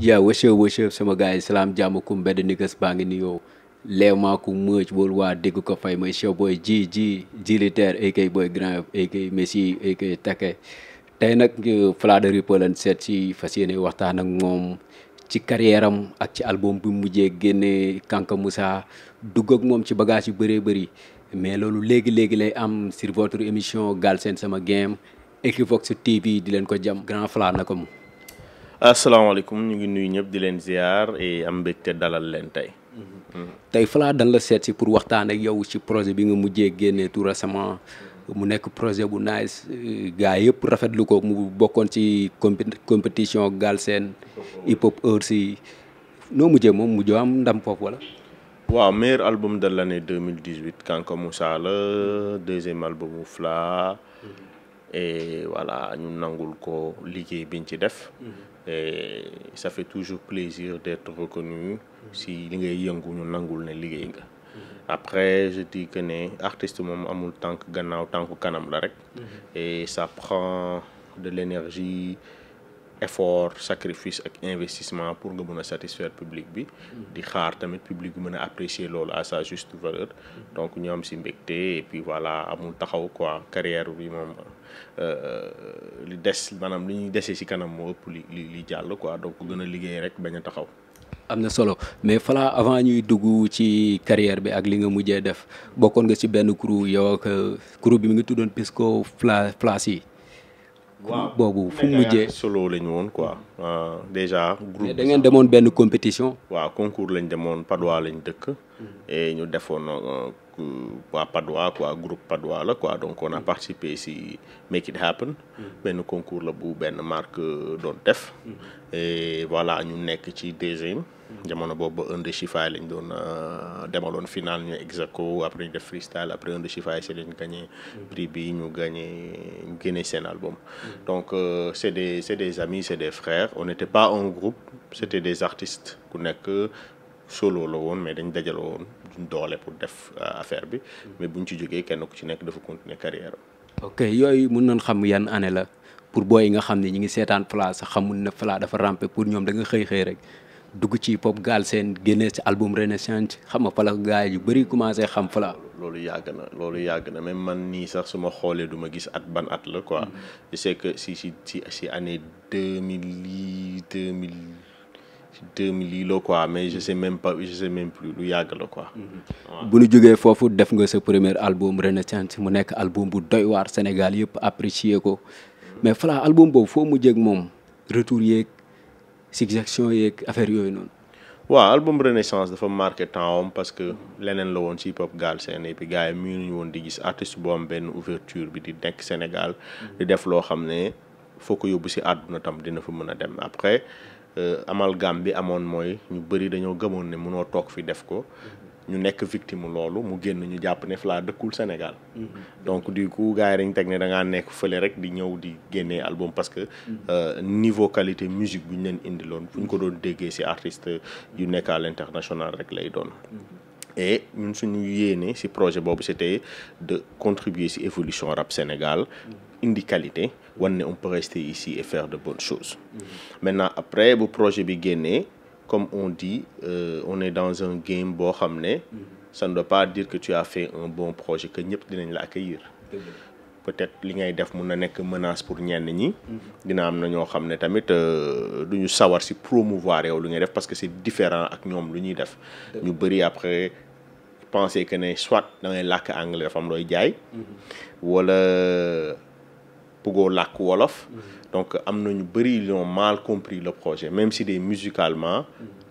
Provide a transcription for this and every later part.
Yeah, what's up, what's up sama guys, salaam jàmm ku mbedd niggas baa ngi nuyoo leew maa ku mëj waa dégg ko fay mooy show boy ji ji jilitaire aka boy grand aka messi aka take tey nag euh, Fla The Ripper lañ seet si fas yéene waxtaan ak moom ci carrière ak ci album bi mujjee génne Kanka Moussa dugg ak moom ci bagage yu bëree bëri mais loolu léegi-léegi lay am sur émission émission seen Sama Game Equivox TV di leen ko jam grand Fla na ko asalaamaaleykum ñu ngi nuyu ñëpp di leen ziar et am mbégte dalal leen tey. tey Fala dañ la seet si pour waxtaan ak yow ci projet bi nga mujjee génnee tout récemment mu nekk projet bu nice gars yëpp rafetlu ko mu bokkoon ci compi compétition Galsen hip hop heures yi noo mujjee moom mujjoo am ndam foofu wala. waaw meilleur album de l' année 2018 Kanka Moussa la deuxième album mu Fla et voilà ñu nangul ko liggéey biñ ci def. et ça fait toujours plaisir d'être reconnu si li ngay yëngu ñu nangul ne liggéey nga après je que ne artiste moom amul tànk gannaaw tànku kanam la rek mhm. et ça prend de l'énergie effort sacrifice ak investissement pour nga mën a satisfaire public bi. di xaar tamit public bi mën a apprécier loolu à sa juste valeur. donc ñoom si mbégte et puis voilà amul taxaw quoi carrière bi moom euh, li des maanaam li ñuy desee si kanam moo ëpp li li li jàll quoi donc gën a liggéey rek bañ a taxaw. am na solo mais fala avant ñuy dugg ci carrière bi ak li nga mujjee def bokkoon nga ci benn crew yow ak bi mi ngi tuddoon Pisco Fla Flash yi. waaw boobu fu mu mujjee solo la ñu woon quoi euh, déjà. groupe da ngeen demoon benn compétition. waaw concours lañ demoon Padois lañ dëkk. Hmm. et ñu defoon. Euh, Euh, waa Padois quoi groupe Padois la quoi donc on a mm. participé si Make It Happen. Mm. benn concours la bu benn marque euh, doon def. Mm. et voilà ñu nekk ci deuxième. jamono boobu ba Inde Chifaay lañ doon euh, demaloon final ñu Exaco après ñu def freestyle après Inde Chifaay si lañ gagné. prix bi ñu gagné génne seen album. donc c' est des c' est des amis c' est des frères on n' était pas un group c' était des artistes ku nekk solo la woon mais dañ dajaloo woon. doole pour def euh, affaire bi mais buñ ci jógee kenn ku ci nekk dafa continuer carrière ok yooyu mën nañ xam yan année la pour booy yi nga xam ne ñi ngi seetaan Fla sax xamul na Fla dafa rampe pour ñoom da xëy xëy rek dugg ci pop gaal seen génne ci album Renaissance xam nga fala gars yu bëri commencé xam Fla loolu yàgg na loolu yàgg na même man nii sax suma xoolee duma gis at ban at la quoi mm. je sais que si si si si année deux mille deux mille deux mille yi la quoi mais je sais même pas je sais même plus lu yàgg la quoi. Mhm. bu ñu jógee foofu def nga sa premier album Renaissance mu nekk album bu doy waar Sénégal yëpp apprécier ko mais Fala album boobu foo mu ak moom retour yeeg suggestion yeeg affaire yooyu noonu. waaw album Renaissance dafa marqué temps am parce que leneen la woon ci hip hop Galsen et puis gars ñu woon di gis artiste boo am benn ouverture bi di nekk Sénégal di def loo xam ne foo ko yóbbu si àdduna tam dina fa mën a dem après. amal euh, amalgame bi amoon mooy ñu bëri dañoo gëmoon ne munoo toog fi def ko ñu nekk victime loolu mu génn ñu jàpp ne Fla dëkkul Sénégal mm-hmm. donc du coup gars yi dañ teg ne da nekk fële rek di ñëw di génnee album parce que mm-hmm. euh, niveau qualité musique bu ñu leen indi loon fu ñu ko doon déggee ci artiste yu nekk à l'international rek lay doon mm-hmm. et ñun suñu yéene ci projet boobu c'était de contribuer ci évolution rab Sénégal indi qualité wan ne on peut rester ici et faire de bonnes choses maintenant après bu projet bi génnee comme on dit euh, on est dans un game boo xam ne ça ne doit pas dire que tu as fait un bon projet que ñëpp dinañ la accueillir peut-être li ngay def mun na nekk menace pour ñenn ñi dina am na ñoo xam ne tamit euh, du ñu sawar ci promouvoir yow lu ngay def parce que c'est différent ak ñoom lu ñuy def ñu bëri après penser que ne soit da ngay làkk anglais dafa am looy jaay wala bëggoo làkk wolof donc am na ñu bëri ils ont mal compris le projet même si des musicalement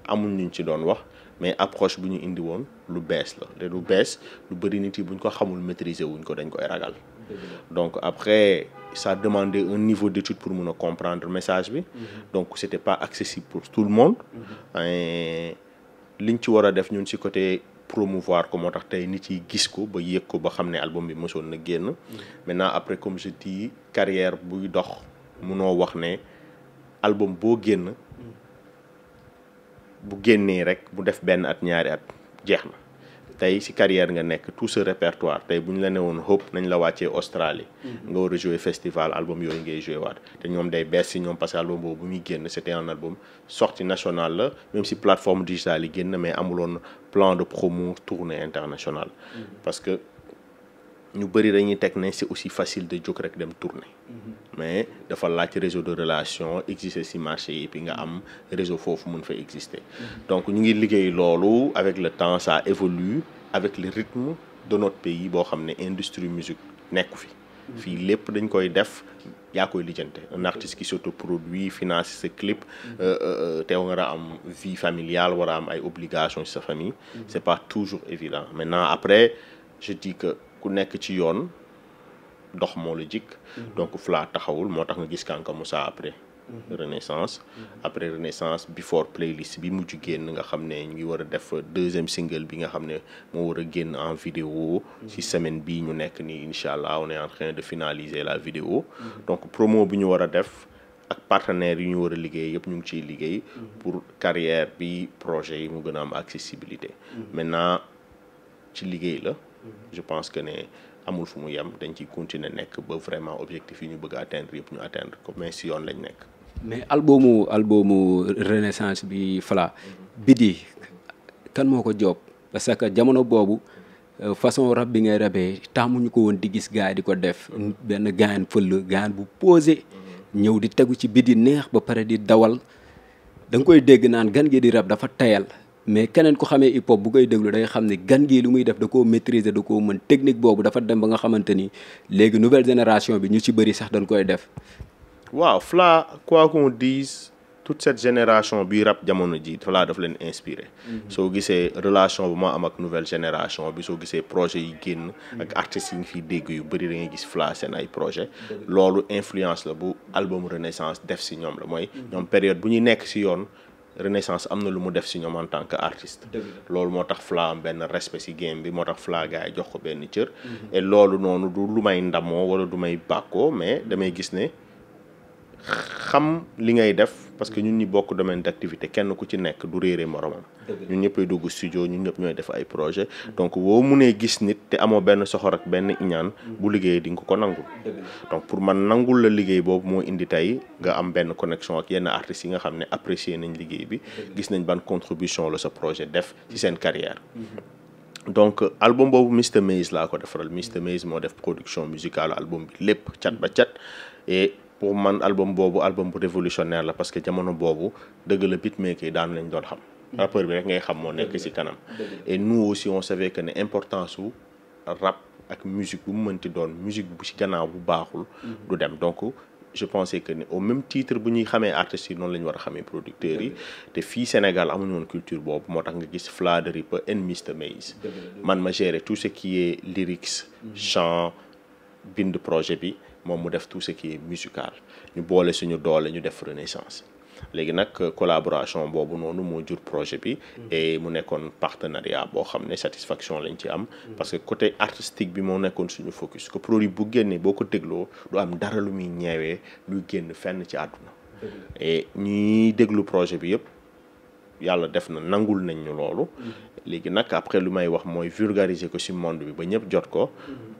amul ñu ci doon wax mais approche bu ñu indi woon lu bees la lu bees lu bëri nit yi buñ ko xamul maîtriser wuñ ko dañ koy ragal donc après ça demandait un niveau d'étude pour mun a comprendre message bi donc c'était pas accessible pour tout le monde mm-hmm. liñ ci war a def ñun ci côté promouvoir ko moo tax tey nit yi gis ko ba yëg ko ba xam ne album bi mësoon na génn. maintenant après comme je dis carrière buy dox munoo wax ne album boo génn bu génnee rek bu def benn at ñaari at jeex na. tey si carrière nga nekk tout ce répertoire tey bu ñu la newoon Hope nañ la wàccee Australie. Mm-hmm. nga war a jouer festival album yooyu ngay jouer waat te ñoom day bees si ñoom parce que album boobu bu muy génn c'était un album sortie nationale la même si plateforme digitale yi génn mais amuloon plan de promo tournée internationale. Mm-hmm. parce que ñu bëri dañuy teg ne c'est aussi facile de jóg rek dem tourner mm-hmm. mais dafa laaj réseau de relation exister si marché yi puis nga am réseau foofu mun fa exister mm-hmm. donc ñu ngi liggéey loolu avec le temps ça évolue avec le rythme de notre pays boo xam ne industrie musique nekku fi mm-hmm. fii lépp dañ koy def yaa koy lijjante un artiste qui s'autoproduit finance sa clip euh, euh, te war a am vie familiale war a am ay obligations ci sa famille c'est pas toujours évident maintenant après je dis que ku nekk ci yoon dox moo la jikk mhm. donc Fla taxawul moo tax nga gis Kanka Moussa après mhm. renaissance mhm. après renaissance before playlist bi mujj génn nga xam ne ñu ngi war a def deuxième single bi nga xam ne moo war a génn en vidéo ci semaine bii ñu nekk nii incha allah on est de finaliser la vidéo donc promo bi ñu war a def ak partenaires yi ñu war a liggéey yëpp ñu ngi ciy liggéey pour carrière bi projet yi mu gën a am accessibilité maintenant ci liggéey la je pense que ne amul fu mu yem dañ ciy continuer nekk ba vraiment objectif yi ñu bëgg a atteindre yëpp ñu atteindre ko mais si yoon lañ nekk. mais albumu albumu renaissance bi Fala Bidi kan moo ko joob parce que jamono boobu euh, façon rab bi ngay rabee taamuñu ko woon di gis gars yi di ko def benn gaayan fëll gaayan bu posé ñëw di tegu ci Bidi neex ba pare di dawal danga koy dégg naan gan gee di rab dafa tayal mais keneen ko xamee hip hop bu koy déglu day xam ne gan gii lu muy def da ko maîtriser da ko mën technique boobu dafa dem ba nga xamante ni léegi nouvelle génération bi ñu ci bëri sax dañ koy def. waaw Fla quoi qu'on dise toute cette génération bi rab jamono ji Fla daf leen inspirer mhm. soo gisee relation bu ma am ak nouvelle génération bi soo gisee projet yi génn. Mhm. ak artistes yi nga fiy dégg yu bëri da ngay gis Fla seen ay projet loolu influence la bu album Renaissance def si ñoom la mooy. Mhm. ñoom période bu ñuy nekk si yoon. renaissance am na lu mu def si ñoom en tant que artiste loolu moo tax Fla am benn respect si game bi moo tax Fla gars jox ko benn cër mhm. loolu noonu du lu may ndamoo wala du may bàkkoo mais damay gis ne xam li ngay def parce que ñun ñi bokk domaine d'activité kenn ku ci nekk du réere moromam ñun ñëppay dugg studio ñun ñëpp ñooy def ay projet donc boo mënee gis nit te amoo benn soxor ak benn iñaan bu liggéey di nga ko nangul donc pour man nangul la liggéey boobu moo indi tey nga am benn connexion ak yenn artistes yi nga xam ne apprécier nañ liggéey bi gis nañ ban contribution la sa projet def ci seen mm-hmm. carrière mm-hmm. donc album boobu Mr maise laa ko defaral Mr Maze moo def production musicale album bi lépp cat ba cat pour man album boobu album bu révolutionnaire la parce que jamono boobu dëgg la beatmaker yi daanu lañ doon xam. rappeur bi rek ngay xam moo nekk ci kanam. et nous aussi on savait que ne importance su rap ak musique bu mu mënti doon musique bu ci gannaaw bu baaxul. Mhm. du dem donc je pensais que ne au même titre bu ñuy xamee artistes yi noonu la war a xamee producteur yi. te fii Sénégal amuñu woon culture boobu moo tax nga gis Fla de Ripper and Mr Maze. man ma gérer tout ce qui est lyrics. Mhm. chant bind projet bi. moom mu def tout ce qui est musical ñu boole suñu doole ñu def renaissance léegi nag euh, collaboration boobu noonu moo jur projet bi mm. et mu nekkoon partenariat boo xam ne satisfaction lañ ci am mm. parce que côté artistique bi moo nekkoon suñu focus que produit bu génnee boo ko dégloo du am dara lu muy ñeewee luy génn fenn ci àdduna et ñi déglu projet bi yëpp yàlla def na nangul nañ loolu mm-hmm. léegi nag après lu may wax mooy vulgariser ko ci monde bi ba ñëpp jot ko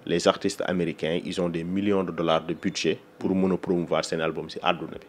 les artistes américains ils ont des millions de dollars de budget pour mën a promouvoir seen album ci àdduna bi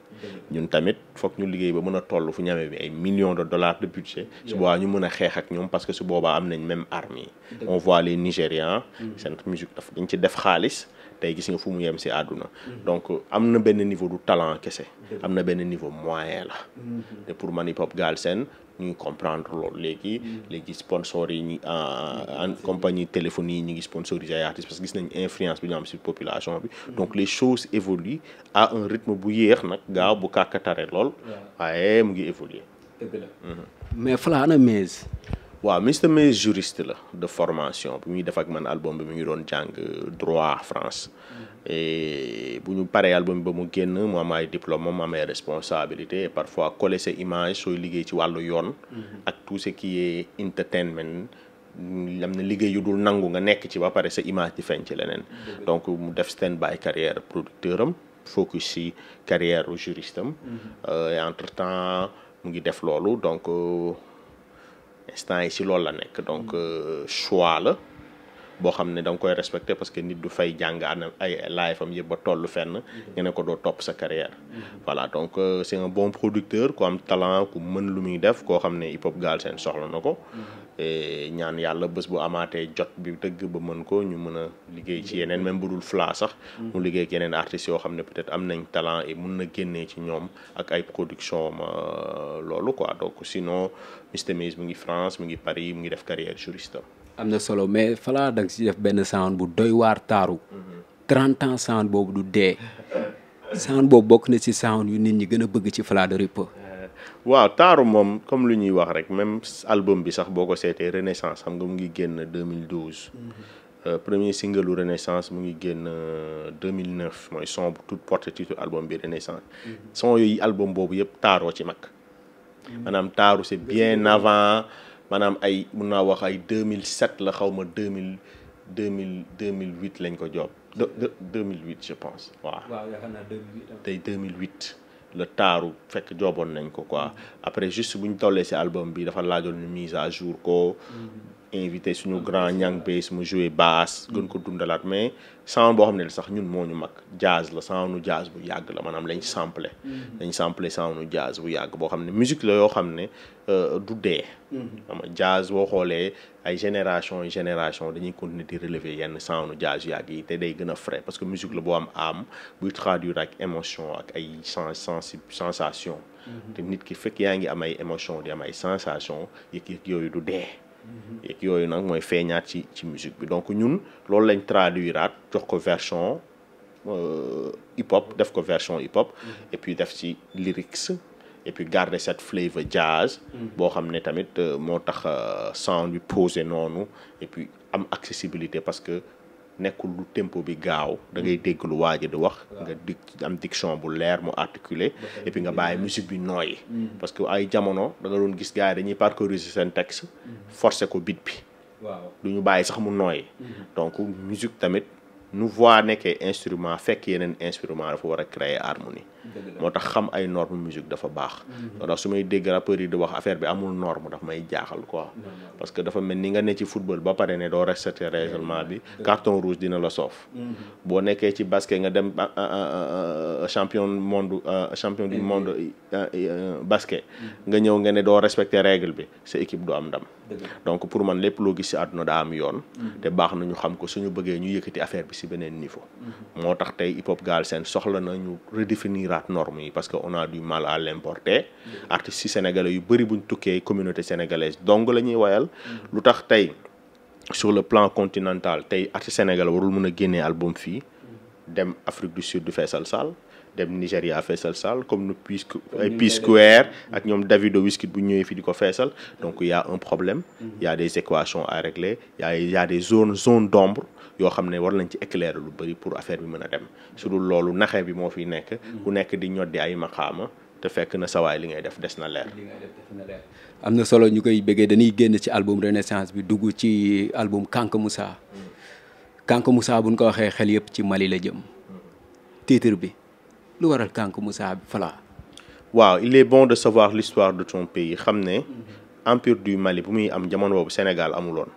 ñun tamit foog ñu liggéey ba mën a toll fu ñamee bi ay millions de dollars de budget su boobaa ñu mën a xeex ak ñoom parce que su boobaa am nañ même armée on voit les Nigérians seen musique daf dañ ci def xaalis tey gis nga fu mu yem si àdduna. donc am na benn niveau du talent kese. am na benn niveau moyen la. Mhm. te pour man hip hop seen ñu ngi comprendre loolu léegi. Mhm. léegi sponsor yi ñi ah, en ah, compagnie téléphonie yi ñu ngi sponsoriser ay artistes parce que gis nañ influence bi ñu am si population bi. Mhm. donc les choses évoluent à un rythme bu yéex nag gaaw bu kàkkatare lool. waaye mu ngi évoluer. dëgg la mais Fala ana waaw Mister Maye juriste la de formation bi muy def ak man album bi mu ngi doon jàng droit France mm-hmm. et bu ñu paree album ba mu génn mu am ay diplôme moom responsabilité et parfois coller sa image sooy liggéey ci wàllu yoon mm-hmm. ak tout ce qui est entertainment mm, am na liggéey yu dul nangu nga nekk ci ba pare sa image di feeñ ci leneen mm-hmm. donc mu def stand by carrière producteur am focus ci carrière juriste am euh, et entre temps mu ngi def loolu donc euh, instant yi si loolu la nekk donc mm. euh, choix la boo xam ne danga koy respecté parce que nit du fay jàng ana ay laay fam yëpp ba toll fenn mm-hmm. nga ne ko doo topp sa carrière mm-hmm. voilà donc euh, c'est un bon producteur ku am talent ku mën lu muy def koo xam ne hip hop seen soxla na ko mm-hmm. te eh, ñaan yàlla bés bu amaatee jot bi dëgg ba mën ko ñu mën a liggéey ci yeneen même bu dul Fla sax mu liggéey ak yeneen artistes yoo xam ne peut-être am nañ talent et mun na génnee ci ñoom ak ay production ma euh, loolu ko donc sinon Mr Mise mu ngi France mu ngi Paris mu ngi def carrière juriste am na solo mais Fla da nga si def benn sound bu doy waar taaru 30 ans sound boobu du dee sound boobu bokk na ci sound yu nit ñi gën a bëgg ci Fla de Rip waaw taaru moom comme lu ñuy wax rek même album bi sax boo ko seetee Renaissance xam nga mu ngi génn 2012. Euh, premier single lu Renaissance mu ngi génn 2009 euh, mooy son bu tout porte titre album bi Renaissance. Mm-hmm. son yooyu album boobu yëpp taaroo ci mag. Mm-hmm. maanaam taaru c'est bien avant maanaam ay mun naa wax ay 2007 la xaw ma 2000 2000 2008 lañ ko job de 2008 je pense waaw. waaw yaakaar naa 2008. tey le taaru fekk jooboon nañ ko quoi après juste bu ñu tollee si album bi dafa laajoon ñu mise à jour ko mm-hmm. invité suñu grand ñang bass mu joué basse gën ko dundalaat mais sound boo xam ne sax ñun moo ñu mag jazz la soundu jazz bu yàgg la maanaam lañ samplé dañ mm-hmm. samplé soundu jazz bu yàgg boo xam ne musique la yoo xam ne euh, du dee mm-hmm. ama jazz boo xoolee ay génération génération dañuy continuer di relever yenn soundu jazz yu yàgg yi te day gën a frais parce que musique boo am am buy traduire ak émotion ak ay sens sensation mm-hmm. te nit ki fekk yaa ngi am ay émotion di am ay sensation yëg-yëg yooyu du dee yeeg mm-hmm. yooyu nag mooy feeñaat ci ci musique bi donc ñun loolu lañ traduiraat jox ko version euh, hip hop def ko version hip hop. Mm-hmm. et puis def ci lyrics et puis garder cette flavor jazz. Mm-hmm. boo xam ne tamit euh, moo tax euh, sound bi posé noonu et puis am accessibilité parce que. nekkul lu tempo bi gaaw da ngay mm. dégg lu waaj du wax nga diction bu leer mu articulé et nga bàyyi musique bi nooyi mm. parce que ay jamono da nga doon gis gars dañuy parcouriser seen texte mm. forcé ko bit bi waaw du ñu bàyyi sax mu nooy mm-hmm. donc musique tamit nu voix nekkee instrument fekk yeneen instrument dafa war a créer harmonie moo tax xam ay norme musique dafa baax mhm. moo su may dégg rappeurs yi di wax affaire bi amul norme daf may jaaxal quoi parce que dafa mel ni nga ne ci football ba pare ne doo respecté règlement bi mhm. carton rouge dina la soof mhm. boo nekkee ci basket nga dem champion ah, ah, monde ah, champion du monde basket nga ñëw nga ne doo respecté règle bi sa équipe du am ndam donc pour man lépp loo gis si àdduna daa am yoon te baax nañu xam ko suñu bëggee ñu yëkkati affaire bi si beneen niveau moo tax tey hip na ñu juraat normes yi parce que on a du mal à l'importer artistes yi sénégalais yu bëri buñ tukkee communauté sénégalaise donc la ñuy wayal lu tax tey sur le plan continental tey artiste sénégalais warul mën a génnee album fii dem Afrique du Sud du feesal saal dem Nigéria feesal salle comme nu Peace ay Peace Square ak ñoom Davido Wizkid bu ñëwee fii di ko feesal donc il y un problème mhm. il a des équations à régler il y des zones zones d'ombre yoo xam ne war nañ ci éclairer lu bëri pour affaire bi mën a dem su dul loolu naxee bi moo fi nekk mhm. ku nekk di ñoddi ay maxaama te fekk na sawaay li ngay def des na leer am na solo ñu koy bëggee dañuy génn ci album Renaissance bi dugg ci album Kank Moussa mhm. Kank bu buñ ko waxee xel yëpp ci Mali la jëm titre bi lu waral kànk Moussa Fala waaw il est bon de savoir l'histoire de ton pays xam ne empire du Mali bu muy am jamono boobu Sénégal amuloon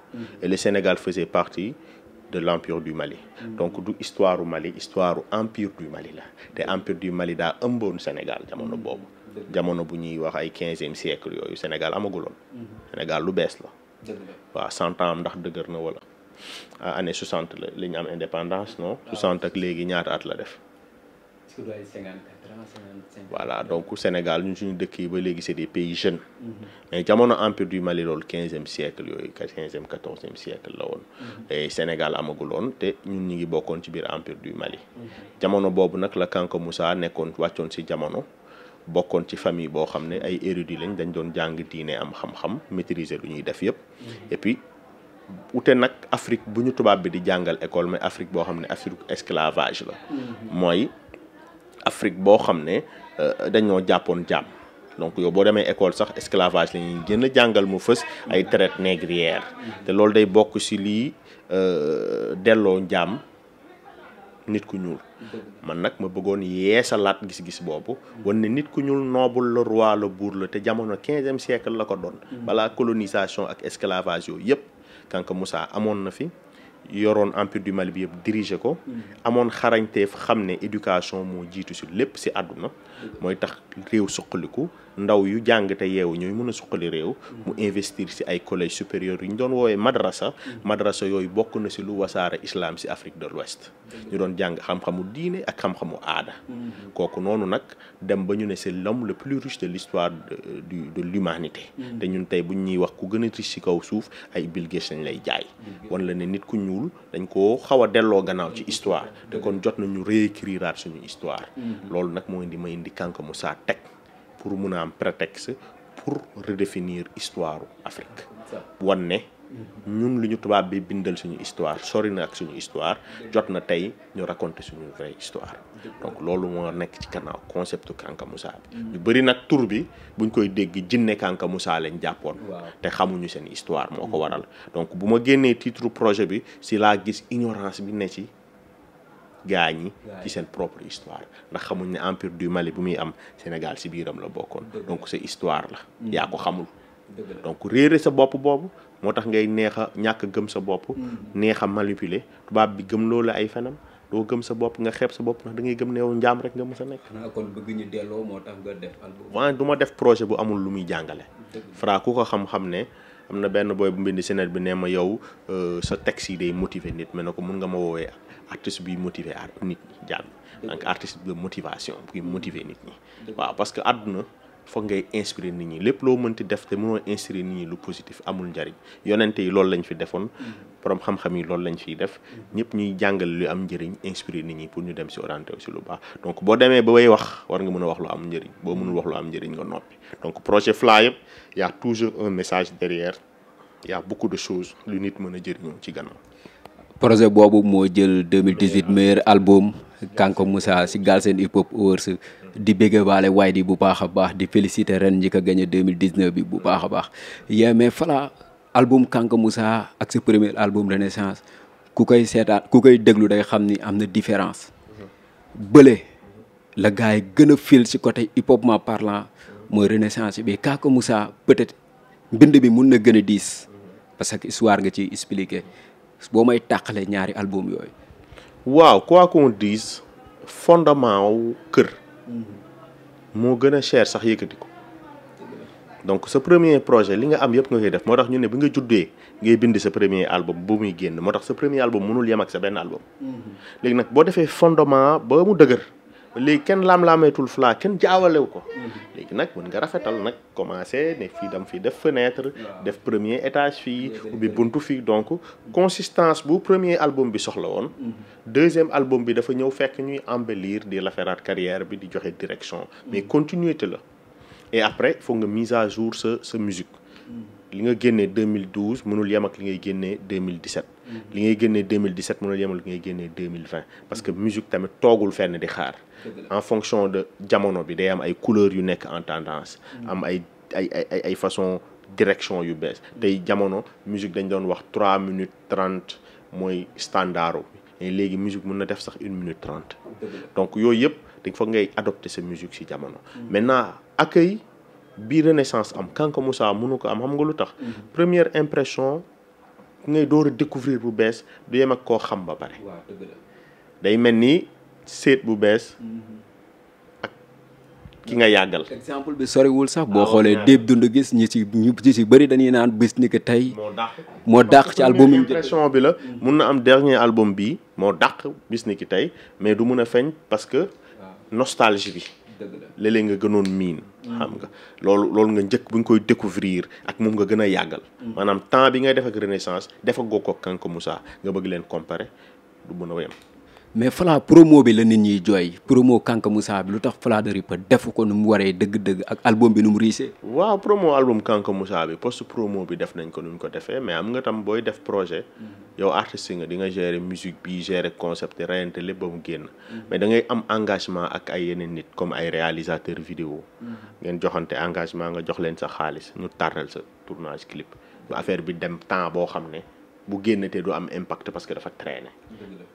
et Sénégal faisait partie de l'empire du Mali donc du histoire u Mali histoire u empire du Mali la te empire du Mali daa ëmboon Sénégal jamono boobu jamono bu ñuy wax ay quinzième siècle yooyu Sénégal amaguloon Sénégal lu bees la waa cent ans ndax dëgër na wala année soixante la li ñu am indépendance non soixante ak léegi ñaata at la def voilà donc Sénégal ñun suñu dëkk yi ba léegi c'est des pays jeunes. Mhm. mais jamono empire du Mali loolu quinzième siècle yooyu quinzième quatorzième siècle la woon. Mhm. et Sénégal amagul woon te ñun ñu ngi bokkoon ci biir empire du Mali. Mhm. jamono boobu nag la Kanko Moussa nekkoon wàccoon si jamono. bokkoon ci famille boo xam ne ay érudits lañ dañ doon jàng diine am xam-xam maîtriser lu ñuy def yëpp. et puis nag Afrique bu ñu tubaab bi di jàngal école mais Afrique boo xam ne Afrique esclavage la. mooy. Afrique boo xam ne euh, dañoo jàppoon jaam donc yow boo demee école sax esclavage la ñuy gën a jàngal mu fës ay traite négrière te loolu day bokk ci lii euh, delloo jaam nit ku ñuul man nag ma bëggoon yeesalaat gis-gis boobu wan ne nit ku ñuul noobul la roi la buur la te jamono quinzième siècle la ko doon balaa colonisation ak esclavage yooyu yëpp kanka Moussa amoon na fi yoroon empire du Mali bi yëpp diriger ko mm-hmm. amoon xarañteef xam ne éducation moo jiitu si lépp si àdduna mooy tax réew suqaliku ndaw yu jàng te yeewu ñooy mën a suqali réew mu investir si ay collège supérieur yu ñu doon woowee madrasa madrasa yooyu bokk na si lu wasaare islam si Afrique de l'Ouest ñu doon jàng xam-xamu diine ak xam-xamu aada kooku noonu nag dem ba ñu ne c'est l'homme le plus riche de l'histoire du de l'humanité te ñun tey buñ ñuy wax ku gën a riche si kaw suuf ay Bill Gates lay jaay wan la ne nit ku ñuul dañ koo xaw delloo gannaaw ci histoire te kon jot Kanka Moussa teg pour mun a am prétexte pour redéfinir histoire Afrique. wan ne ñun lu ñu tubaab bi bindal suñu histoire sori na suñu histoire jot na tey ñu raconter suñu vraie histoire donc loolu moo nekk ci kannaaw conceptu Kanka Moussa bi ñu bëri nag tour bi buñ koy dégg jinne Kanka Moussa lañ jàppoon te xamuñu seen histoire moo ko waral donc bu ma génnee titre projet bi si laa gis ignorance bi ne ci gaa ñi ci seen propre histoire ndax xamuñ ne empire du Mali bu muy am Sénégal si biiram la bokkoon donc sa histoire la mm. yaa ko xamul donc réere sa bopp boobu moo tax ngay neex a ñàkk gëm sa bopp mm. neex a manipuler tubaab bi gëm loola ay fenam doo gëm sa bopp nga xeeb sa bopp ndax da ngay gëm neew njaam rek nga mës a nekk xanaa kon bëgg ñu delloo moo tax nga def album waaye du ma def projet bu amul lu muy jàngale Fra ku ko xam-xam ne am na benn booy bu mbind si net bi ne ma yow euh, sa texte yi day motiver nit mais ne ko mun nga ma woowee artiste buy motiver art nit ñi jàll donc artiste de motivation buy motiver nit ñi waaw parce que àdduna foog ngay inspirer nit ñi lépp loo mënti def te mënoo inspirer nit ñi lu positif amul njariñ yonente yi loolu lañ fi defoon mm-hmm. borom xam-xam yi loolu lañ fiy def mm-hmm. ñëpp ñuy jàngal lu am njëriñ inspirer nit ñi pour ñu dem si orienté si lu baax donc boo demee ba way wax war nga mën a wax lu am njëriñ boo mënul wax lu am njëriñ nga noppi donc projet FLA yëpp y a toujours un message derrière y a beaucoup de lu nit mën a jëriñoo ci gannaaw projet boobu moo jël 2018 meilleur album Kanko Moussa si Galsen Hip Hop Awards di bëgg baale waay di bu baax a baax di féliciter ren ñi ko gagné 2019 bi bu baax a baax yee mais fala album Kanko Moussa ak sa premier album Renaissance ku koy seetaan ku koy déglu day xam ni am na différence bële la gars yi gën a fil si côté hip hop ma parlant mooy Renaissance bi Kanko Moussa peut-être mbind bi mun na gën a diis parce que histoire nga ci expliquer boo may tàqalee ñaari album yooyu. waaw quoi qu'on dise fondement wu kër. moo gën a cher sax yëkkati ko. donc sa premier projet li nga am yëpp nga koy def moo tax ñu ne bi nga juddee ngay bind sa premier album bu muy génn moo tax sa premier album mënul yem ak sa benn album. Mm-hmm. léegi nag boo defee fondement ba mu dëgër. léegi kenn laam-laameetul Fla kenn jaawalew ko léegi nag mën nga rafetal nag commencé ne fii dam fii def fenêtre def premier étage fii ubbi buntu fii donc consistance bu premier album bi soxla woon mhm. deuxième album bi dafa ñëw fekk ñuy embellir di rafetaat carrière bi di joxe direction mhm. mais continuer continuité la et après foog nga mise à jour sa sa musique mhm. li nga génnee 2012 mënul yem ak li ngay génnee 2017 li ngay génnee 2017 mënul yem ak li ngay génnee parce que musique tamit toogul fenn di xaar en fonction de jamono bi day am ay couleurs yu nekk en tendance mm. am ay ay ay ay façon direction yu bees tey jamono musique dañ doon wax trois minutes trente mooy standard bi léegi musique mën na def sax une minute trent donc yooyu yëpp dañ foog ngay adopter sa musique si jamono mm. maintenant accueil bi renaissance am Kanka Moussa mënu ko am xam nga lu tax mm. première impression ngay door a découvrir bu bees du yem ak koo xam ba pare day mel ni seet bu bees ak ki nga yàggal. exemple bi soriwul sax boo ah, xoolee déeb dund gis ñi ci ñu ci bari dañuy naan bis tey. moo dàq moo dàq ci album yi impression bi la mun na am dernier album bi moo dàq bis tey mais du mën a feeñ parce que ah. nostalgie bi. léeg-léeg nga gënoon miin xam nga loolu loolu nga njëkk bu ñu koy découvrir ak moom nga gën a yàggal mm. maanaam temps bi ngay def ak renaissance defagoo ko ko Moussa nga bëgg leen comparer du mën a yem mais Fala promo bi la nit ñiy jooy promo Kanka Moussa bi lu tax Fala de Rippa def ko nu mu waree dëgg-dëgg ak album bi nu mu riisee. waaw promo album Kanka Moussa bi post promo bi def nañ ko nu ñu ko defee mais am nga tam booy def projet. Mm-hmm. yow artiste nga di nga gérer musique bi gérer concept di reyante lépp ba mu génn. Mm-hmm. mais da ngay am engagement ak ay yeneen nit comme ay réalisateur vidéo mm-hmm. ngeen joxante engagement nga jox leen sa xaalis ñu tàrral sa tournage clip. affaire bi dem temps boo xam ne. bu génnatee du am impact parce que dafa traîner.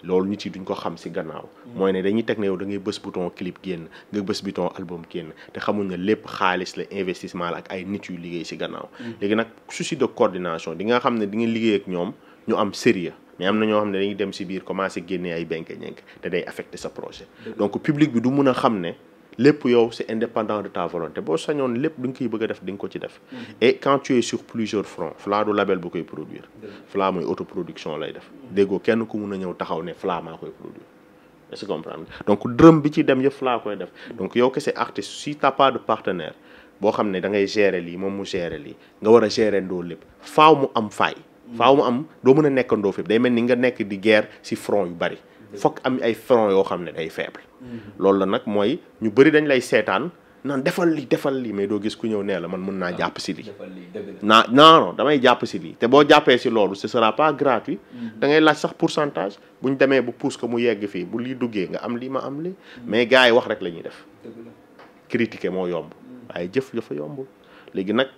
loolu nit yi duñ ko xam si gannaaw. mooy ne dañuy teg ne yow da ngay bës bouton clip génn nga bës bouton album génn te xamuñ ne lépp xaalis la investissement la ak ay nit yu liggéey si gannaaw. Mm. léegi nag souci de coordination di nga xam ne di nga liggéey ak ñoom ñu am sérieux mais am na ñoo xam ne dañuy dem si biir commencé génnee ay benk ñenk te day affecté sa projet. donc public bi du mun a xam ne. lépp yow c'est indépendant de ta volonté boo sañoon lépp du koy bëgg a def di ko ci def. Mm-hmm. et quand tu es sur plusieurs fronts Fla du label bu koy produire. Fla mooy production lay def. déggoo kenn ku mun a ñëw taxaw ne Fla maa koy produire. est donc dërëm bi ci dem yëpp Fla koy def. donc yow kese artiste si t'as de partenaire boo xam ne da ngay gérer lii moom mu gérer lii nga war a gérer ndoo lépp faaw mu am faay. Mm-hmm. faaw mu am doo mën a nekkandoo fépp day mel ni nga nekk di guerre si front yu fokk am ay front yoo xam ne day faible. Mm-hmm. loolu la nag mooy ñu bëri dañ lay seetaan naan defal li defal li mais doo gis ku ñëw nee la man mën naa ah, jàpp si lii. naa non non damay jàpp si lii te boo jàppee si loolu ce sera pas gratuit. Mm-hmm. da ngay laaj sax centage bu ñu demee bu pousse ko mu yegg fii bu lii duggee nga am lii ma am lii. Mm-hmm. mais gars yi wax rek la ñuy def. critiquer moo yomb. waaye jëf dafa yombul léegi nag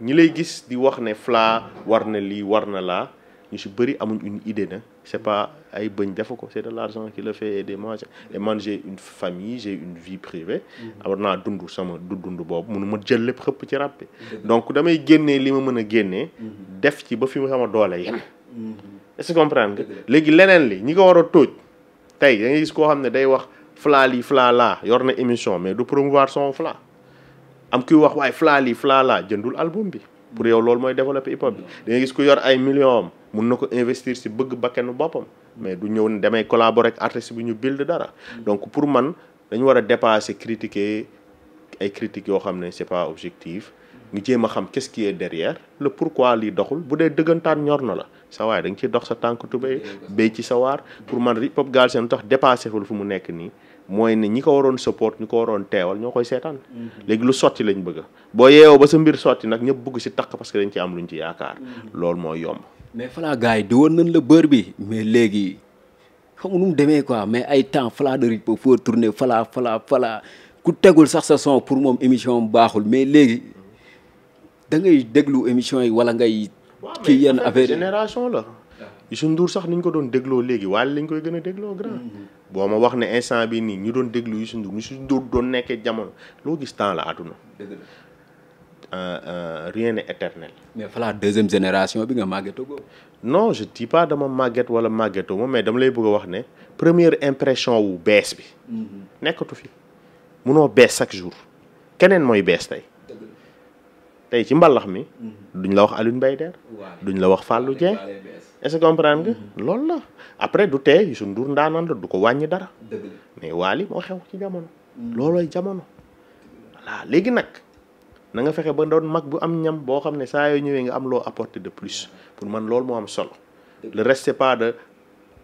ñi lay gis di wax ne Fla war na lii war na laa ñu si bëri amuñ une idée c'est pas ay bëñ defu ko c'est de l'argent qui le fait aider moi et man j'ai une famille j'ai une mm-hmm. naa dund sama du dund boobu mënu ma jël lépp xëpp ci rap bi mm-hmm. donc damay génne li ma mën a génnee mm-hmm. def ci ba fi sama doole yem est-ce que léegi leneen li ñi ko war a tóoj tey da ngay gis koo xam ne day wax Fla lii Fla laa yor na émission mais du promouvoir son Fla am kuy wax waaye Fla lii Fla laa jëndul album bi pour yow loolu mooy développer hip hop bi da gis ku yor ay millions mun na ko investir si bëgg ba kenu boppam mais du ñëw ne damay collaborer ak artiste bi ñu build dara mm. donc pour man dañu war a dépasser critiquer ay critiques yoo xam ne c'est pas objectif nga jéem a xam qu'est-ce qui est derrière le pourquoi lii doxul bu dee dëggantaan ñor na la sa dañ da dox sa tànk tubéy béy ci sawaar waar pour man hip hop Galsen tax dépassé ful fu mu nekk nii mooy ne ñi ko waroon support ñi ko waroon teewal ñoo koy seetaan mm-hmm. léegi lu sotti lañ bëgg boo yeewoo ba sa mbir sotti nag ñëpp bëgg si takk parce que dañ ci am luñ ci yaakaar mm-hmm. loolu mooy yomb mais Fala gars yi di woon nañ la bër bi mais léegi xam nu mu demee quoi mais ay temps Fala de Ripo foo tourné falaa falaa falaa ku tegul sax sa son pour moom émission baaxul mais léegi da ngay déglu émission yi wala ngay. ci yenn affaire génération la. Youssou Ndour sax ni ñu ko doon dégloo léegi waaye lañ koy gën a dégloo grand. Mhm. boo ma wax ne instant bi nii ñu doon déglu Youssou Ndour Youssou doon nekkee jamono loo temps la àdduna. Euh, euh, rien n'est éternel. mais voilà deuxième génération bi nga màggetagoo. non je dis pas dama màgget wala màggetoo ma mais dama lay bëgg a wax ne première impression wu bees bi. Mhm. nekkatu fi munoo bees chaque jours keneen mooy bees tey. tey ci mbalax mi. Mhm. duñ la wax Alioune Mbaye Der. duñ la wax Fallou Dieng. est-ce que comprendre nga. Mhm. loolu la après du tee Youssou Ndour ndaanaan la du ko wàññi dara. mais Wally moo xew ci jamono. loolooy jamono. voilà léegi nag. na nga fexe ba doon mag bu am ñam boo xam ne saa yoo ñëwee nga am loo apporter de plus pour man loolu moo am solo. le reste c'est pas ñu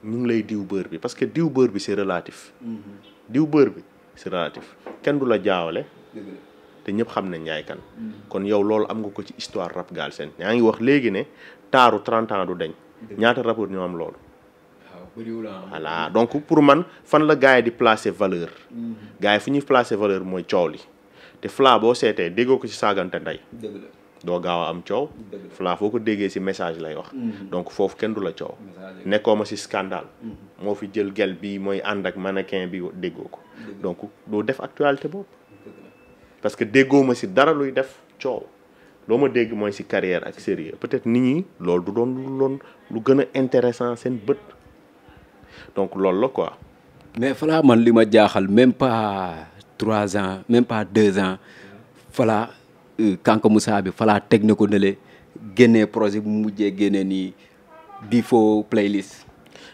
ngi lay diw beurre bi parce que diw beurre bi c'est relatif. Mm-hmm. diw beurre bi c'est relatif kenn du la jaawale. te ñëpp xam ne yaay kan. Mm-hmm. kon yow loolu am nga ko ci histoire rap Galsen ñaa ngi wax léegi ne taaru 30 ans du deñ ñaata rapport ñoo am loolu. Ah. voilà donc pour man fan la gars yi di placer valeur. Mm-hmm. gars yi fu ñuy placer valeur mooy coow li. te Fla boo seetee déggoo ko ci saagante ndey doo gaaw am coow Fla foo ko déggee ci message lay wax mm-hmm. donc foofu kenn du la coow nekkoo ma ci scandale mm-hmm. moo fi jël gel bi mooy ànd ak mannequin bi déggoo ko donc doo def actualité boobu parce que déggoo ma ci dara luy def coow loo ma dégg mooy ci carrière ak sérieux peut-être nit ñi loolu du doon lu doon lu gën a intéressant seen bët donc loolu la quoi mais Fla man li ma jaaxal même pas trois ans même pas deux ans falaa euh, Kanka Moussa bi falaa teg na ko nële génnee projet bu mu mujjee génnee nii before playlist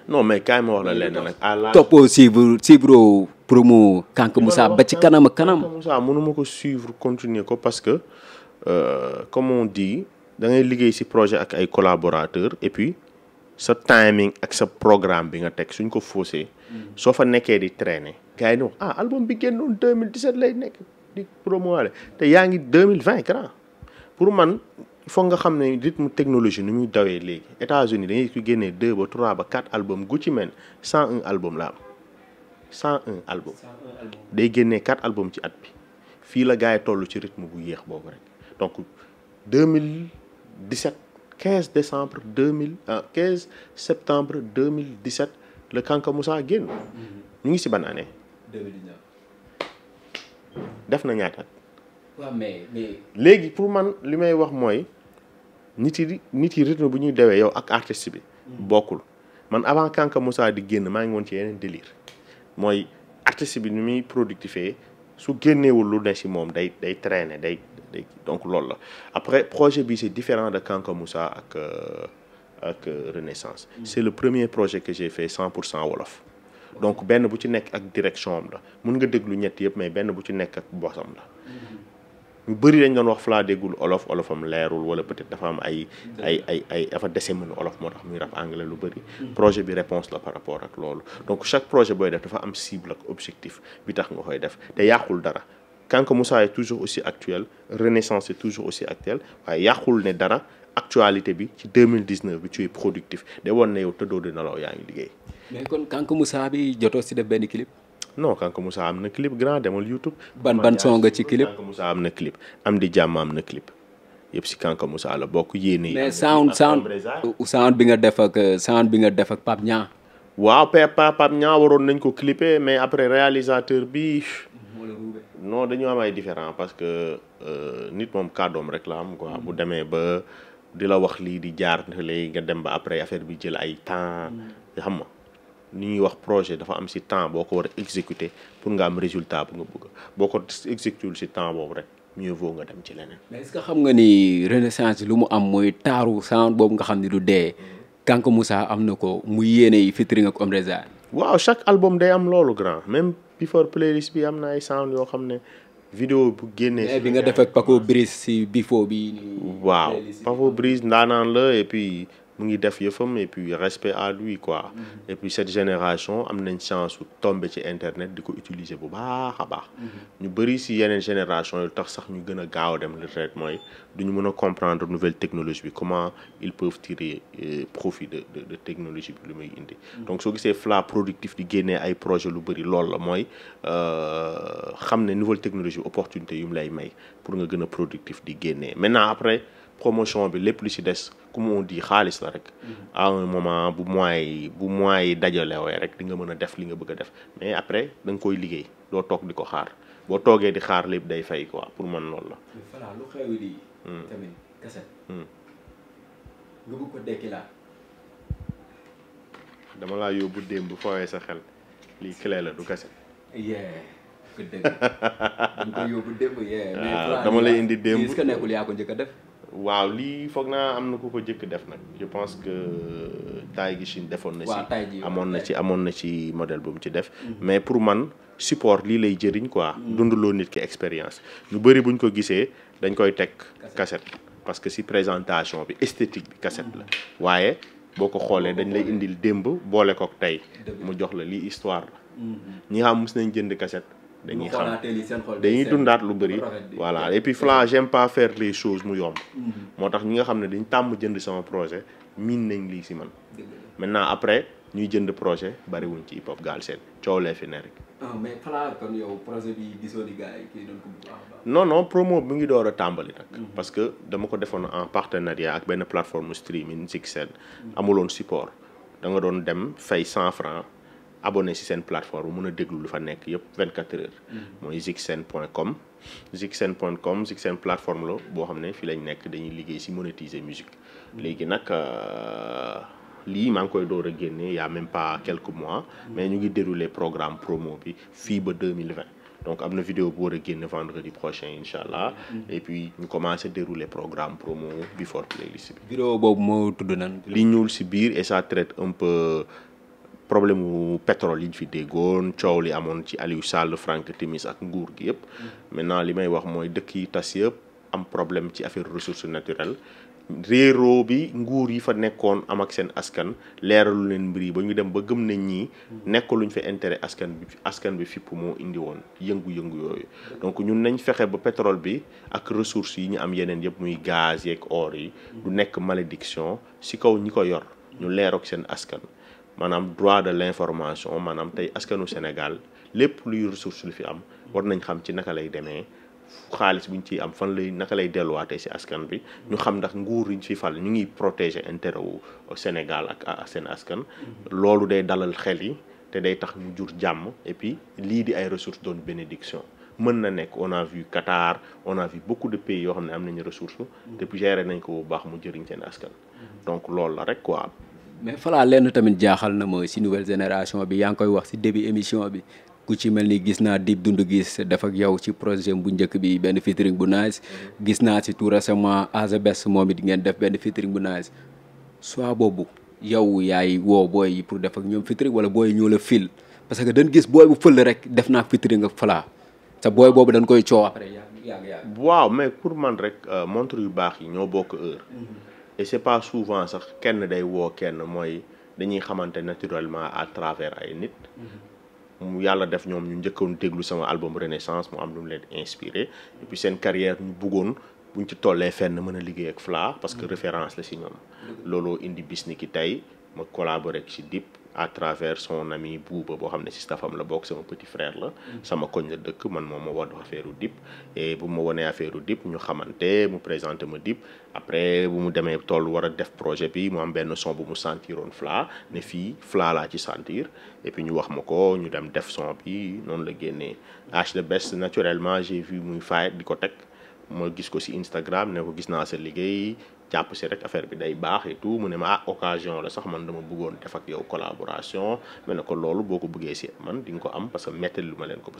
non mais kaay ma wax la lenn nag. à la toppoo suivre suivre Kanka Moussa ba ci kanam ak kanam. Kanka mënuma ko suivre continuer ko parce que euh, comme on dit da liggéey si projet ak ay collaborateurs et puis sa timing ak sa programme bi nga teg suñ ko faussé. Mm. soo fa nekkee di traîner. gars yi ne wax ah album bi génnoon 2017 lay nekk di promouvoir te yaa ngi 2020 grand pour man foog nga xam ne rythme technologie nu muy dawee léegi États-Unis dañuy ko génnee 2 ba 3 ba 4 album gu ci mel 101 album la am 101 album day génnee 4 album ci at bi fii la gars yi toll ci rythme bu yéex boobu rek donc 2017 15 décembre deux 15 euh, septembre 2017 le Kanka Moussa génn mm-hmm. ñu ngi si ban année def na ñaata at. mais léegi pour man li may wax mooy nit yi nit yi rythme bu ñuy dewee yow ak artiste bi. Mm. bokkul man avant Kanka Moussa di génn maa ngi woon ci yeneen délire mooy artiste bi ni muy productifee su génneewul lu ne si moom day day traîner day day donc loolu la après projet bi si différent de Kanka Moussa ak euh, ak Renaissance. Mm. c'est le premier projet que j'ai fait 100 pour cent wolof. donc benn bu ci nekk ak direction am la mun nga déglu ñett yëpp mais benn bu ci nekk ak bosam la mm-hmm. ñu bëri dañ doon wax Fla déggul olof olofam leerul wala peut-être dafa am ay ay ay ay dese mën olof moo tax muy rap anglais lu bëri mm-hmm. projet bi réponse la par rapport ak loolu donc chaque projet booy def dafa am cible ak objectif bi tax nga koy def te yàqul dara Kanka Moussa est toujours aussi actuel Renaissance est toujours aussi actuel waaye yàqul ne dara actualité bi ci 2019 bi tu es productif de woon na yow tëddoo di nelaw yaa ngi liggéey mais kon Kankou Moussa bi jotoo si def benn clip. non Kankou Moussa am na clip grand demal YouTube. ban ban son nga ci clip Kankou Moussa am na clip am di jàmm am na clip yëpp si Kankou Moussa bokk yéene yi. mais sound sound sound bi nga def ak euh, sound bi nga def ak Pape Niang. waaw Papa Pape Niang waroon nañ ko clipper mais après réalisateur bi. no dañoo am ay différent parce que euh, nit moom kàddoom rek la am quoi mm. bu demee ba di la wax lii di jaar léegi nga dem ba après affaire bi jël ay temps mm. xam nga. li ñuy wax projet dafa am si temps boo ko war a pour nga am résultat bu nga bëgg boo ko exécuté si temps boobu rek mieux vaut nga dem ci leneen. ce que xam nga ni renaissance lu mu am mooy taaru sound boobu nga xam ni du dee. Kanka Moussa am na ko mu yéene yi nga ak Homme des Arts. waaw chaque album day am loolu grand même before playlist bi am na ay sound yoo xam ne. vidéo bu génnee. bi nga def ak Paco Brice si before bi. waaw Paco Brice ndaanaan la et puis. mu ngi def yëfam et puis respect à lui quoi. Mm-hmm. et cette génération am nañ chance su tomber ci internet di ko utiliser bu baax a baax. Mm-hmm. ñu bëri si yeneen génération yu tax sax ñu gën a gaaw dem le trait mooy du ñu mën a comprendre nouvelle technologie bi comment ils peuvent tirer euh, profit de de technologie bi lu muy indi. Mm-hmm. donc soo gisee Fla productif di génnee ay projet lu bëri lool la mooy euh, xam ne nouvelle technologie opportunité yu mu lay may pour nga gën a productif di génnee maintenant après. promotion bi lépp lu si des ku mu di xaalis la rek mhm. à moment bu mois yi bu mois yi dajalewee rek di nga mën a def li nga bëgg a def mais après danga koy liggéey doo toog di ko xaar boo toogee di xaar lépp day fay quoi pour man loolu la. voilà lu xew hmm. hmm. ko dekki laa. dama laa yóbbu démb foowee sa xel lii clé la du kese. dëgg ah, dama lay indi démb. est-ce que nekkul yaa ko njëkk a def. waaw lii foog naa am na ku ko jëkk def nag je pense que euh, taay gi Chine defoon na si amoon na ci amoon na ci modèle bu ci def mm-hmm. mais pour man support lii lay jëriñ quoi mm-hmm. loo nit ki expérience ñu bëri buñ ko gisee dañ koy teg cassette parce que si présentation bi esthétique bi cassette la mm-hmm. waaye boo ko xoolee dañ lay indil démb boole ko tey mu jox la lii histoire la ñi nga xam mës nañ jënd kaset dañuy xam dañuy dundaat lu bëri voilà et puis Fla j'aime pas faire les choses mu yomb mm-hmm. moo tax ñi nga xam ne dañ tàmm jënd sama projet miin nañ lii si man maintenant après ñuy jënd projet bariwuñ ci hip hop Galsen coow lee fi ne rek ah, mais Fla yow projet bi gisoo di promo bi ngi door a tàmbali nag mm-hmm. parce que dama ko defoon en partenariat ak benn plateforme streaming Sixsène mm-hmm. amuloon support da nga doon dem fay cent francs abonné si seen plateforme mun a déglu lu fa nekk yëpp 24 heures. Mm-hmm. mooy zigsen point com zigsen point com zigsen plateforme la boo xam ne fi lañ nekk dañuy liggéey si monétiser musique mm-hmm. léegi nag euh, lii maa ngi koy door a génne y même pas quelques mois. Mm-hmm. mais ñu ngi dérouler programme promo bi fii ba 2020. donc am na vidéo bu war a génn vendredi prochain incha allah. et puis ñu commencé dérouler programme promo before playlist bi. vidéo boobu moo tudd na li ñuul si biir et ça traite un problème mu pétrole yi fi déggoon coow li amoon ci Aliou Sall Franck Timis ak nguur gi yëpp. maintenant li may wax mooy dëkk yi tas yëpp am problème ci affaire ressources naturelles. réeroo bi nguur yi fa nekkoon am ak seen askan leeralu leen mbir yi ba ñu dem ba gëm nañ ñi nekkaluñ fa intérêt askan bi askan bi fipp moo indi woon yëngu-yëngu yooyu donc ñun nañ fexe ba pétrole bi ak ressources yi ñu am yeneen yëpp muy gaz yeeg or yi du nekk malédiction si kaw ñi ko yor ñu leerook seen askan maanaam droit de l'information maanaam tey askanu Sénégal lépp luy ressource lu fi am war nañ xam ci naka lay demee xaalis buñ ciy am fan lay naka lay delluwaatee si askan bi ñu xam ndax nguur yi ñu fi fal ñu ngi protéger intérêt wu Sénégal ak seen askan. Mm-hmm. loolu day dalal xel yi te day tax mu jur jàmm et puis lii di ay ressources doon bénédiction. mën na nekk on a vu Qatar on a beaucoup de pays yoo xam ne am nañu ressource. te mm-hmm. gérer nañ ko bu baax mu jëriñ seen askan. Mm-hmm. donc loolu la rek quoi. mais falaa lenn tamit jaaxal na mooy si nouvelle génération bi yaa ngi koy wax si début émission bi ku ci mel ni gis naa di Doundou gis def ak yow ci projet bu njëkk bi benn featuring bu nice gis naa si tout récemment Azabes moom it ngeen def benn featuring bu nice soit boobu yow yaay woo booy yi pour def ak ñoom featuring wala booy ñoo la fil parce que dañ gis booy bu fël rek def naa featuring ak falaa te booy boobu dañ koy coow après. waaw mais pour man rek euh, montre yu yi ñoo bokk et c'est pas souvent sax kenn day woo kenn mooy dañuy xamante naturellement à travers ay nit. Mm-hmm. mu yàlla def ñoom ñu njëkkoon déglu sama album Renaissance mu am lu mu leen inspiré et puis seen carrière ñu buggoon buñ ci tollee fenn mën a liggéey ak Fla parce que mm-hmm. référence la si ñoom. looloo indi bis ni tey ma collaboré ci Dip. à travers son ami Bouba boo xam ne si staffam la bokk sama petit frère la. Mm-hmm. sama koñ la dëkk man moom ma wan affaire u dip et bu ma wanee affaire u dip ñu xamante mu présenté ma dip après bu mu demee tool war a def projet bi mu am benn son bu mu sentiroon Fla ne fii Fla laa ci sentir et puis ñu wax ma ko ñu dem def son bi noonu la génnee H de Best naturellement j'ai vu muy fayet di ko teg ma gis ko si Instagram ne ko gis naa sa liggéey. jàpp si rek affaire bi day baax et tout mu ne ma ah occasion la sax man dama bëggoon def ak collaboration ma ne ko loolu boo ko bëggee si man di nga ko am parce que métti ma leen ko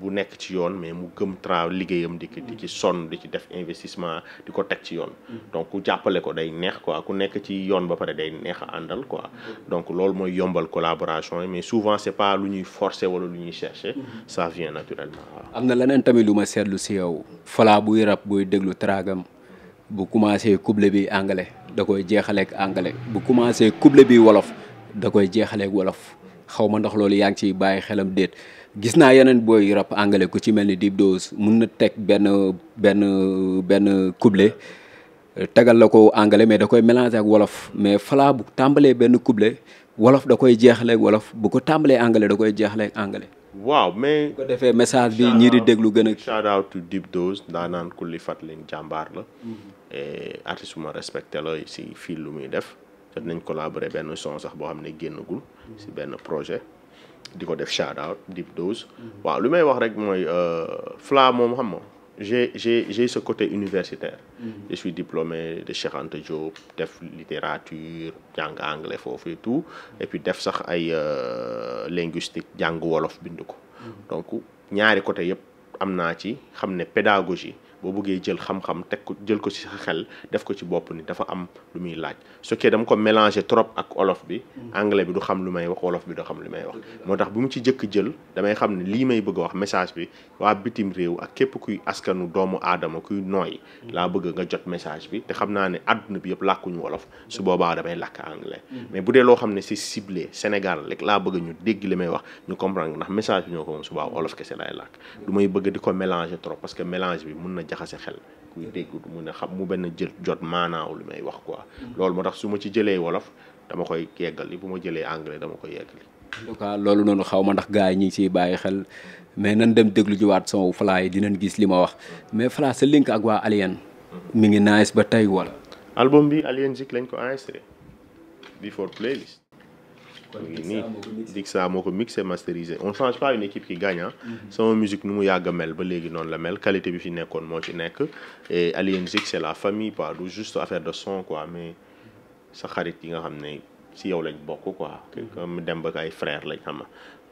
bu nekk ci yoon mais mu gëm tra liggéeyam di di ci sonn di ci def investissement di ko teg ci yoon mm. donc ku jàppale ko day neex quoi ku nekk ci yoon ba pare day neex a àndal quoi mm. donc loolu mooy yombal collaboration yi mais souvent c'est pas lu ñuy forcer wala lu ñuy chercher mm. ça vient naturellement am na leneen tamit lu ma seetlu si yow falaa buy rab buy déglu bu commencé couplet bi anglais da koy jeexaleeg anglais bu commencé couplet bi wolof da koy jeexaleeg wolof xaw ma ndax loolu yaa ngi ciy bàyyi xelam déet gis naa yeneen booy rap anglais ku ci mel ni Deep Dose mun na teg benn benn benn couplet tegal la ko anglais mais da koy mélanger ak wolof mais falaa bu tàmbalee benn couplet wolof da koy jeexaleeg wolof bu ko tàmbalee anglais da koy jeexaleeg anglais. waaw mais ko defee message bi ñii di déglu gën a. shout out to Deep Dose ndaanaan kulli fat leen jàmbaar la. Mhm. et artiste bu ma respecté si fii lu muy def jot nañ collaborer benn son sax boo xam ne génnagul si benn projet di ko def shout out deep waaw lu may wax rek mooy euh, Fla moom xam nga j'ai j'ai j'ai ce côté universitaire mm-hmm. je suis diplômé de Cheikh Anta Diop def littérature jàng anglais foofu tout et puis def sax ay euh, linguistique jàng wolof bind ko mm-hmm. donc ñaari côté yëpp am naa ci xam ne pédagogie boo bëggee jël xam-xam teg ko jël ko ci sa xel def ko ci bopp ni dafa am lu muy laaj su fekkee dama ko mélanger trop ak olof bi mm. anglais bi du xam lu may wax wolof bi du xam lu may moo tax bu mu ci jëkk jël damay xam ne lii may bëgg a wax message bi waa bitim réew ak képp kuy askanu doomu aadama kuy nooy mm. laa bëgg nga jot message bi te xam naa ne àdduna bi yëpp làkkuñu wolof mm. su boobaa damay làkk anglais mais bu dee loo xam ne c'est ciblé Sénégal rek laa bëgg ñu dégg li may wax ñu comprendre ndax message bi ñoo ko moom su boobaa wolof kese laay làkk du may bëgg di ko mélanger trop parce que mélange bi mun na jaxase xel kuy déggut mun a xam mu benn jël jot maanaaw lu may wax quoi loolu moo tax su ma ci jëlee wolof dama koy yeggali bu ma jëlee anglais dama koy yeggali en loolu noonu xaw ma ndax gars yi ñu ngi siy bàyyi xel mais nan dem déglu jiwaat sama Fala yi dinañ gis li ma wax mais Fala sa link ak waa Alien mi ngi nice ba tey wala album bi Alien Zik lañ ko enregistré before kon Dixa moo ko mixé masterisé on change pas une équipe qui gagne mm-hmm. sama musique nu mu yàgg mel ba léegi noonu la mel qualité bi fi nekkoon moo ci nekk et Alien Zik c'est la famille quoi du juste affaire de son quoi mais sa xarit yi nga xam ne si yow lañ bokk quoi. Mm-hmm. dem ba ay frère lañ xam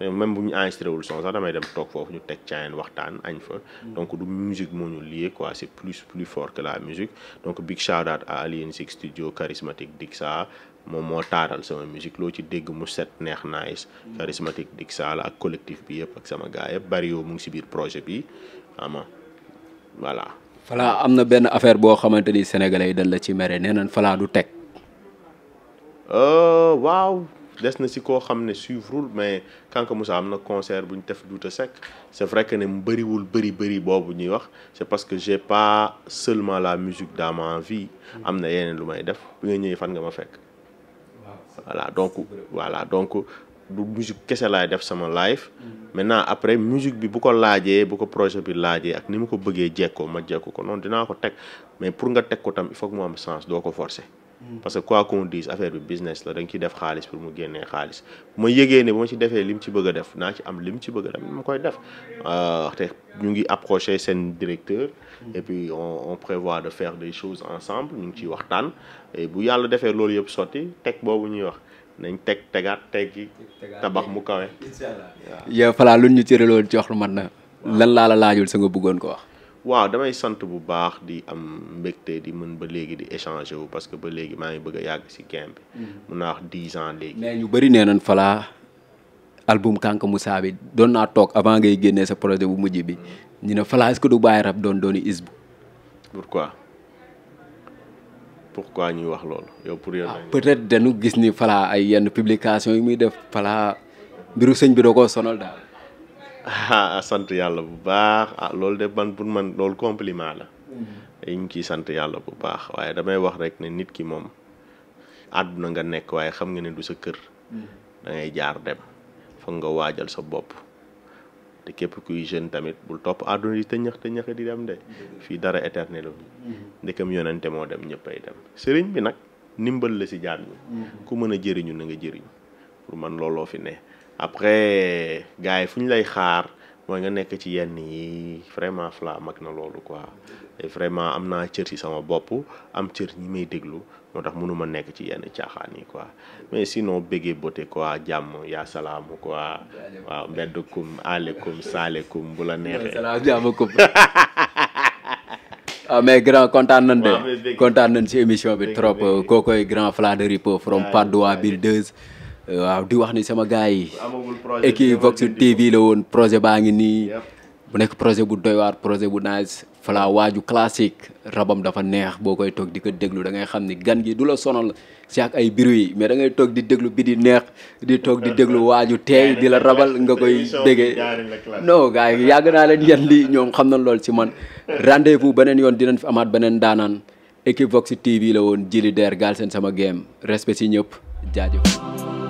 mais même bu ñu enregistré wul son sax damay dem toog foofu ñu teg caa waxtaan añ fa. Mm-hmm. donc du musique moo ñu lié quoi c'est plus plus fort que la musique donc big shout out à Alien Zik studio moom moo taaral sama musique loo ci dégg mu set neex nice charismatique Dik Saala ak collectif bi yëpp ak sama gars yëpp bari mu ngi si biir projet bi ama Fala am na benn affaire boo xamante ni sénégalais yi dañ la ci mere nee nañ Fala du teg. Euh, des na si koo xam ne suivrul mais Kanka Moussa am na concert bu ñu def Douta Seck c' est que ne mu bëriwul bëri bëri boobu ñuy wax c' est parce que j'ai pas seulement la musique dans ma am na yeneen lu may def bi nga ñëwee fan nga ma fekk. voilà donc voilà donc du musique kese laay def sama live. maintenant après musique bi bu ko laajee bu ko projet bi laajee ak ni ma ko bëggee jekkoo ma jekku ko noonu dinaa ko teg mais pour nga teg ko tam il faut mu am sens doo ko forcer. Mm. parce que quoi qu'on dise affaire bi business la da nga ciy def xaalis pour mu génnee xaalis bu ma yëgee ne bu ma ci defee lim ci bëgga def naa ci am lim ci bëgg a def ma koy def ah, te ñu ngi approché seen directeur. Mm. et puis on on prévoit de faire des choses ensemble ñu ngi ciy waxtaan bu yàlla defee loolu yëpp sotti teg boobu ñuy wax. nañ teg tegaat teggi tabax mu kawe. incha allah yow Fala lu ñu cëraloon ci wax lu mat na lan laa la laajul sa nga bëggoon ko wax. waaw damay sant bu baax di am mbégte di mën ba léegi di échangé wu parce que ba léegi maa ngi bëgg a yàgg si game bi. Mhm. mun naa wax dix ans léegi. mais ñu bëri nee nañ falaa album Kanka Moussa bi doon naa toog avant ngay génnee sa projet bu mujj bi ñu ne falaa est-ce que du bàyyi rab doon dooni isbu. pourquoi pourquoi ñuy wax loolu yow pour yow. Ah, peut-être dañu gis ni falaa ay yenn publication yi muy def falaa mbiru sëñ bi doo ko sonal daal. Ah, sant yàlla bu baax a ah, loolu de ban bu man loolu compliment la. Mm. ñu ngi sant yàlla bu baax waaye damay wax rek ne nit ki moom àdduna nga nekk waaye xam nga ne du sa kër. Mm. dangay jaar dem foog nga waajal sa bopp. te képp kuy jeune tamit bul topp àdduna di te tëñëx di dem de. Mm. fii dara éternel bi. ndekam yonente moo dem ñëppay dem sëriñ bi nag ndimbal la si jaam ñi ku mën a jëriñu na nga jëriñu pour man looloo fi ne. après gars yi fu ñu lay xaar mooy nga nekk ci yenn yi vraiment fla mag na loolu quoi vraiment am naa cër ci sama bopp am cër ñi may déglu moo tax mënuma nekk ci yenn caaxaan yi quoi mais sinon bëggee bote quoi jàmm yaa salaamu quoi waaw mbeddukum alekum saalekum bu la neexee salaam kum ah, mais grand kontaan nañ de kontaan nañ ci émission bi trop kookoy grand Fla de Ripo from Patte d'Oie Builders waaw di wax ni sama gars yi. Equivox TV la woon projet baa ngi nii. bu nekk projet bu doy waar projet bu nice fala waaju classique rabam dafa neex boo koy toog di ko déglu da ngay xam ni gan gi du la sonal si ak ay bruit yi mais da ngay toog di déglu bi di neex di toog di déglu waaju teey di la rabal nga koy déggee non gars yi yàgg naa leen yan li ñoom xam nañ lool si man rendez-vous beneen yoon dinañ fi amaat beneen daanaan Equivox TV la woon jili der gaal seen sama game respect si ñëpp jaajëf